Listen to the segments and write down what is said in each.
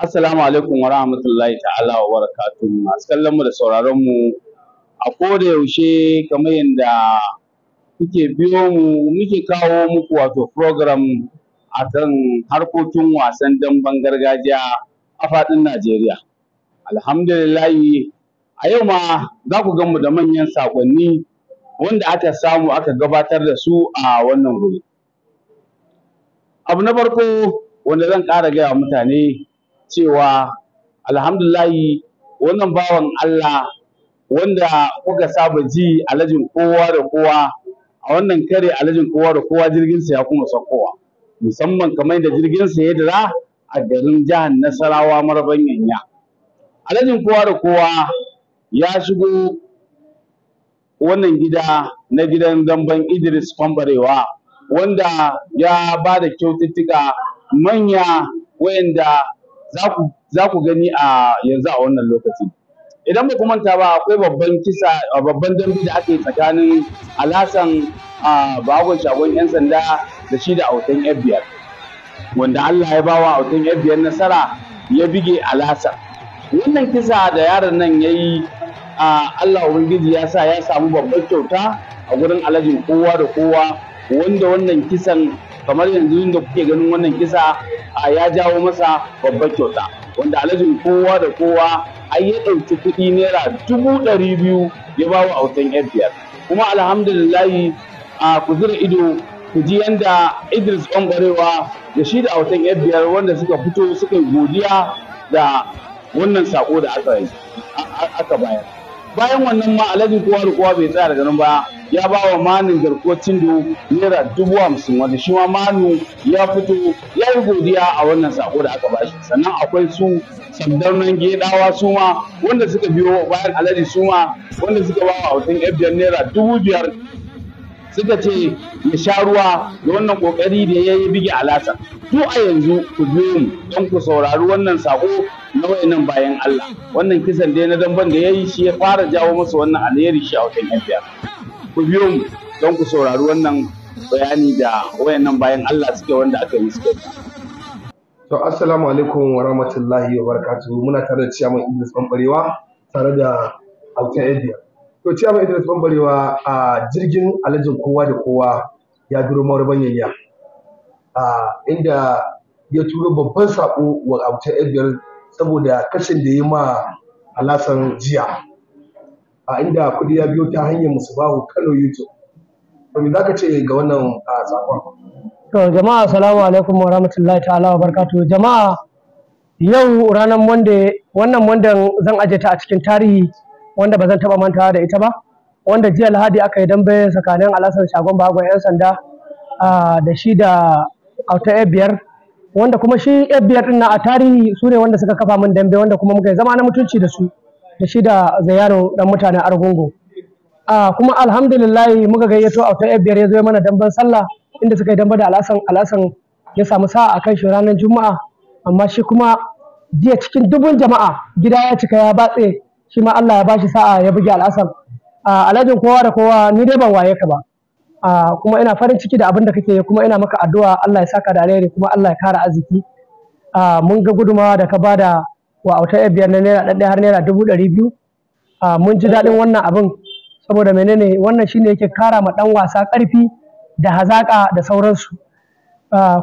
Assalamu alaikum wa rahmatullahi ta'ala wa barakatuhu masu kallon mu da sauraron mu a da yaushe kamar yadda kuke biyo mu muke kawo muku wato program a kan harkokin wasan damben gargajiya a faɗin Najeriya. Alhamdulillahi a yau ma za ku gan mu da manyan saƙonni wanda aka samu aka gabatar da su a wannan wuri. Abu na farko wanda zan ƙara gaya mutane cewa alhamdulahi wannan bawan Allah wanda kuka saba ji alajin kowa da kowa a wannan kare alajin kowa da kowa jirgin sa ya kuma saukowa musamman kamar da sa ya dira a garin jihar Nasarawa Marban yanya alajin kowa da kowa ya shigo wannan gida na gidan damban Idris Fambarewa, wanda ya ba da kyaututtuka manya wayanda za ku gani a yanzu a wannan lokaci idan ba manta ba akwai babban kisa babban dambe da ake tsakanin alhassan bagon shagon yan sanda da shi da autan fbr wanda allah ya bawa autan fbr nasara ya bige alhassan wannan kisa da yaron nan ya yi allah ubangiji ya sa ya samu babban kyauta a gurin alhajin kowa da kowa wanda wannan kisan kamar yanzu da kuke ganin wannan kisa a ya jawo masa babban kyauta wanda alhajin kowa da kowa ai ya ɗauki kuɗi naira dubu ɗari biyu ya ba wa autan fbr kuma alhamdulillahi a ku zira ido ku ji yadda idris ɓangarewa da shi da autan fbr wanda suka fito suka yi godiya da wannan sako da aka bayar bayan wannan ma alhaji kowa da kowa bai tsaya daga nan ba ya ba wa manin garkuwar tindo naira dubu hamsin wanda shi ma manu ya fito ya yi godiya a wannan sako da aka bashi sannan akwai su nan gedawa su ma wanda suka biyo bayan alhaji su ma wanda suka ba wa hausin fdn naira dubu biyar suka ce ya sha ruwa da wannan kokari da ya yi bige alasa to a yanzu ku biyo mu don ku saurari wannan sako na wayannan bayan Allah wannan kisan dai na damban da ya yi shi ya fara jawo masa wannan alheri shi a wajen lafiya ku biyo mu don ku saurari wannan bayani da wayannan bayan Allah suke wanda aka yi suke to assalamu alaikum wa rahmatullahi wa barakatuhu muna tare da ciyaman Idris Bambarewa tare da Alta to ci amma Idris Bambarewa a jirgin alajin kowa da kowa ya duro marban yanya a inda ya turo babban sako wa abuta Edgar saboda kashin da ya ma Alasan jiya a inda kudi ya biyo ta hanyar Musubahu Kano YouTube to za ka ce ga wannan sakon to jama'a assalamu alaikum wa rahmatullahi ta'ala wa barkatu. jama'a yau ranar Monday wannan Monday zan aje ta a cikin tarihi wanda ba zan taba mantawa da ita ba wanda jiya lahadi aka yi dambe tsakanin alasan shagon bagon 'yan sanda da shi da auta wanda kuma shi yar biyar na a tarihi su ne wanda suka kafa min dambe wanda kuma muka zama na mutunci da su da shi da zayaro dan mutanen argungu kuma alhamdulillahi muka gayyato auta ya zo mana damben sallah inda suka yi dambe da alasan alasan ya samu sa'a a kai shi ranar juma'a amma shi kuma jiya cikin dubun jama'a gida ya cika ya batse shi ma Allah ya bashi sa'a ya buge al'asar alhajin kowa da kowa ni dai ban waye ka ba kuma ina farin ciki da abin da kake kuma ina maka addu'a Allah ya saka da alheri kuma Allah ya kara arziki mun ga gudumawa da ka bada wa auta biyar na naira ɗaɗɗe har naira dubu ɗari biyu mun ji daɗin wannan abin saboda menene wannan shine yake kara ma ɗan wasa ƙarfi da hazaƙa da sauransu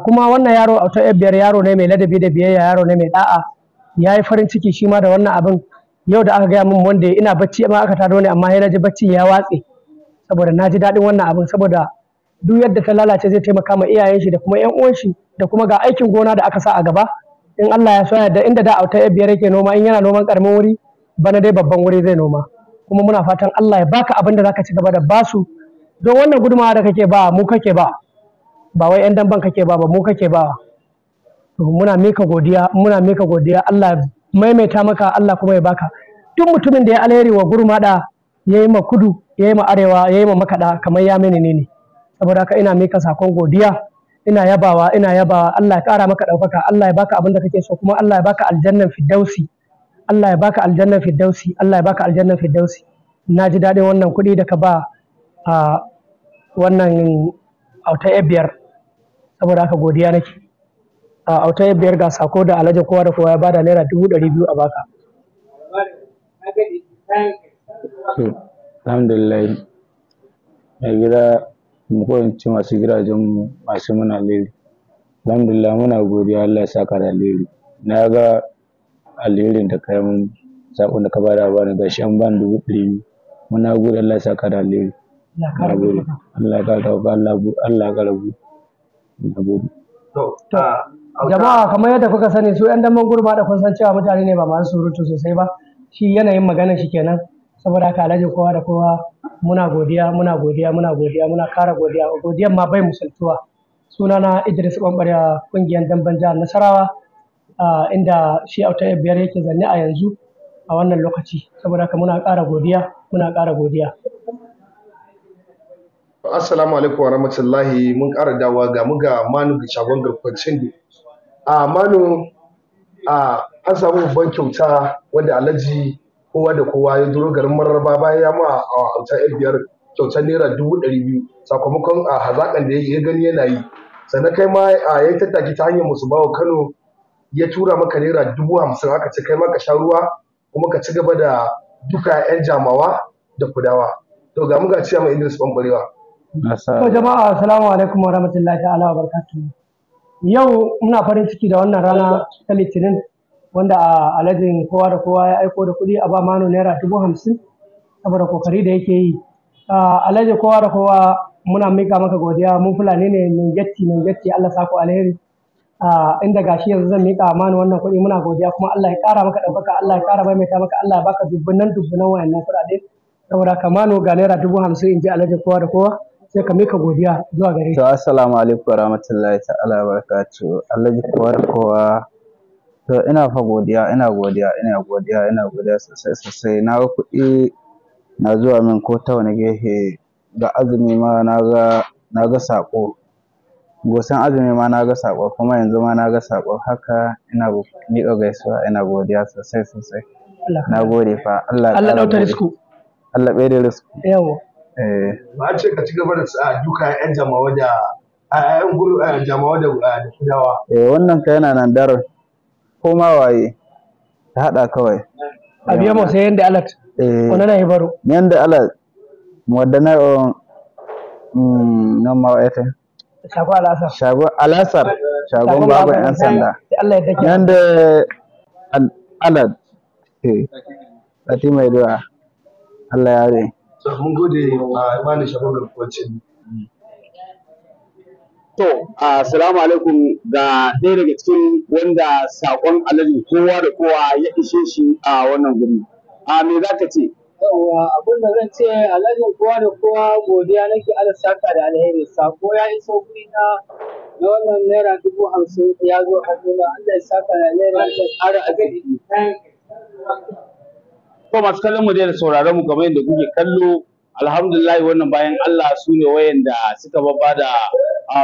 kuma wannan yaro auta biyar yaro ne mai ladabi da biyayya yaro ne mai ɗa'a ya yi farin ciki shi ma da wannan abin yau da aka gaya min wanda ina bacci amma aka taro ni amma yana ji bacci ya watse saboda na ji daɗin wannan abin saboda duk yadda ta lalace zai taimaka ma iyayen shi da kuma yan uwan shi da kuma ga aikin gona da aka sa a gaba in Allah ya so da inda da auta ya biyar yake noma in yana noman karamin wuri bana dai babban wuri zai noma kuma muna fatan Allah ya baka abin da zaka ci gaba da basu don wannan gudumawa da kake ba mu kake ba ba wai yan damban kake ba ba mu kake ba muna mika godiya muna mika godiya Allah maimaita maka Allah kuma ya baka duk mutumin da ya alheri wa da ya yi ma kudu ya yi ma arewa ya yi ma makaɗa kamar ya mini ne saboda haka ina mika sakon godiya ina yabawa ina yabawa Allah ya ƙara maka ɗaukaka Allah ya baka abin da kake so kuma Allah ya baka aljannan fiddausi Allah ya baka aljannan fiddausi Allah ya baka aljannan fiddausi na ji daɗin wannan kuɗi da ka ba a wannan auta ebiyar saboda haka godiya nake a auta ebiyar ga sako da alhaji kowa da kowa ya bada naira dubu ɗari biyu a baka alhamdulillah mai gida mu koyanci masu gidajenmu masu muna alheri alhamdulillah muna godiya Allah ya saka da na ga alherin da kai mun sakon da ka bada ba da gashi an ban dubu ɗari muna gode Allah ya saka da alheri Allah ya ka Allah ka na gode jama'a kamar yadda kuka sani su 'yan damben gurba da kun san cewa mutane ne ba masu surutu sosai ba shi yanayin magana shi kenan saboda haka alhaji kowa da kowa muna godiya muna godiya muna godiya muna kara godiya godiyan ma bai musaltuwa sunana Idris Bambarya kungiyar damben jihar Nasarawa inda shi auta biyar yake zanne a yanzu a wannan lokaci saboda haka muna kara godiya muna kara godiya Assalamu alaikum wa rahmatullahi mun ƙara dawa ga muga Manu da shagon garkuwar A Manu a an samu babban kyauta wanda alhaji kowa da kowa ya duro garin mararraba bayan ya ma a wancan yan biyar kyautar naira dubu ɗari biyu sakamakon a hazaƙan da ya gani yana yi sannan kai ma a ya tattaki ta hanyar musu bawa kano ya tura maka naira dubu hamsin aka ce kai ma ka sha ruwa kuma ka ci gaba da duka yan jamawa da kudawa to ga muka ciya mai idris bambarewa. to jama'a assalamu alaikum wa rahmatullahi ta'ala wa barakatuhu yau muna farin ciki da wannan rana ta litinin wanda a alajin kowa da kowa ya aiko da kuɗi a ba mano naira dubu hamsin saboda kokari da yake yi alajin kowa da kowa muna mika maka godiya mun fulani ne mun gatti mun gatti Allah sako alheri inda gashi yanzu zan mika mano wannan kuɗi muna godiya kuma Allah ya ƙara maka ɗaukaka Allah ya ƙara maimaita maka Allah ya baka dubbunan dubbunan wayannan kuɗaɗe saboda ka mano ga naira dubu hamsin in ji alajin kowa da kowa sai ka mika godiya zuwa gare shi. To assalamu alaikum warahmatullahi ta'ala barakatuh. Allah ya kowa da kowa To ina fa godiya, ina godiya, ina godiya, ina godiya sosai sosai. Na ga kuɗi na zuwa min ko ta wani gefe ga azumi ma na ga na ga saƙo. Gosan azumi ma na ga saƙo kuma yanzu ma na ga saƙo haka ina miƙa gaisuwa ina godiya sosai sosai. Na gode fa Allah Allah ɗauta risku. Allah bai da risku. Yawo. Eh. Ba ce ka ci gaba da duka 'yan jama'a da 'ya'yan jama'a da kudawa. Eh wannan ka yana nan darar. ma waye ta hada kawai a biya mu sai yanda alat ona eh. na hibaru yanda alat wadda na um, nan ma ta. shago alasar shago alasar shagon babu yan sanda yanda alat eh sati mai doa Allah ya rai mun gode a imani shagon garkuwar To, assalamu alaikum ga ɗaya daga cikin wanda saƙon alaji kowa da kowa ya ishe shi a wannan guri. A me za ka ce? Yawwa abin da zan ce alajin kowa da kowa godiya nake ala saka da alheri saƙo ya iso guri na na wannan naira dubu hamsin ya zo hannuna Allah ya saka da naira da ƙara a gari. Ko masu kallon mu da sauraron mu kamar yadda kuke kallo alhamdulillah wannan bayan Allah su ne wayanda suka babba da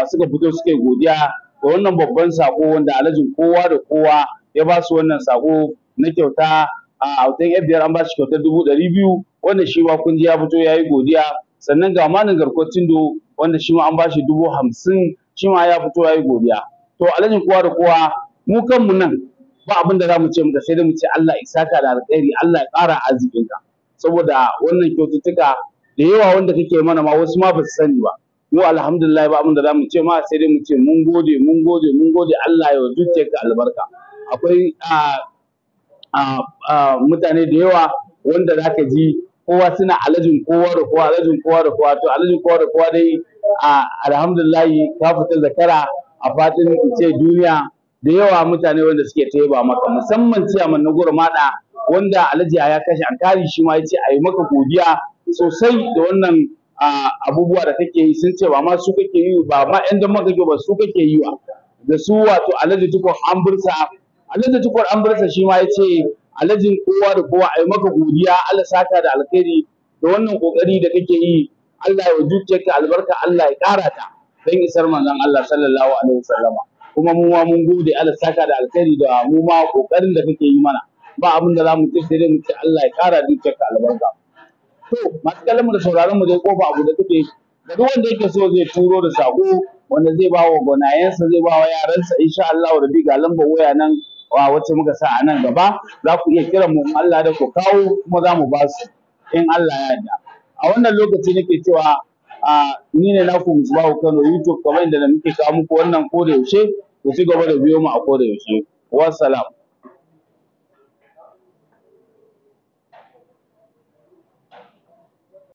suka fito suka yi godiya ga wannan babban sako wanda alhajin kowa da kowa ya ba su wannan sako na kyauta a autan yan biyar an ba shi kyautar dubu ɗari biyu wanda shi ma kun ya fito ya yi godiya sannan ga malam garkuwar tindo wanda shi ma an ba shi dubu hamsin shi ma ya fito ya yi godiya to alhajin kowa da kowa mu kanmu nan ba abin da za mu ce muka sai da mu ce Allah ya saka da alkhairi Allah ya ƙara arzikinka saboda wannan kyaututtuka da yawa wanda kake mana ma wasu ma ba su sani ba mu alhamdulillah ba abin da zamu ce ma sai dai mu ce mun gode mun gode mun gode Allah ya zuciyar ka albarka akwai mutane da yawa wanda zaka ji kowa suna alajin kowa da kowa alajin kowa da kowa to alajin kowa da kowa dai alhamdulillah ka fita zakara a fatin ce duniya da yawa mutane wanda suke ba maka musamman ciyaman na gurmada wanda alhaji ya kashe an kari shi ma yace ayi maka godiya sosai da wannan abubuwa da kake yi sun ce ba ma su kake yi ba ma ƴan damma kake ba su kake yi ba. da su wato alaji an birsa, alaji tukur an birsa shi ma ya ce alajin kowa da kowa a yi maka godiya Allah saka da alkhairi da wannan kokari da kake yi Allah ya zuciyarka albarka Allah ya ƙara ta don isar manzon Allah sallallahu alaihi wasallama kuma mu ma mun gode Allah saka da alkhairi da mu ma kokarin da kake yi mana ba abin da zamu mu mu ce Allah ya kara zuciyarka albarka to masu mu da sauraron mu dai kofa abu da take duk wanda yake so zai turo da sako wanda zai ba wa gonayensa zai ba wa yaransa insha Allah da ga lambar waya nan wa wacce muka sa a nan gaba za ku iya kiran mu Allah da ku kawo kuma za mu ba su in Allah ya yarda a wannan lokaci nake cewa a ni ne naku Musbahu Kano YouTube kamar inda muke kawo muku wannan koda yaushe ku ci gaba da biyo mu a koda yaushe wassalam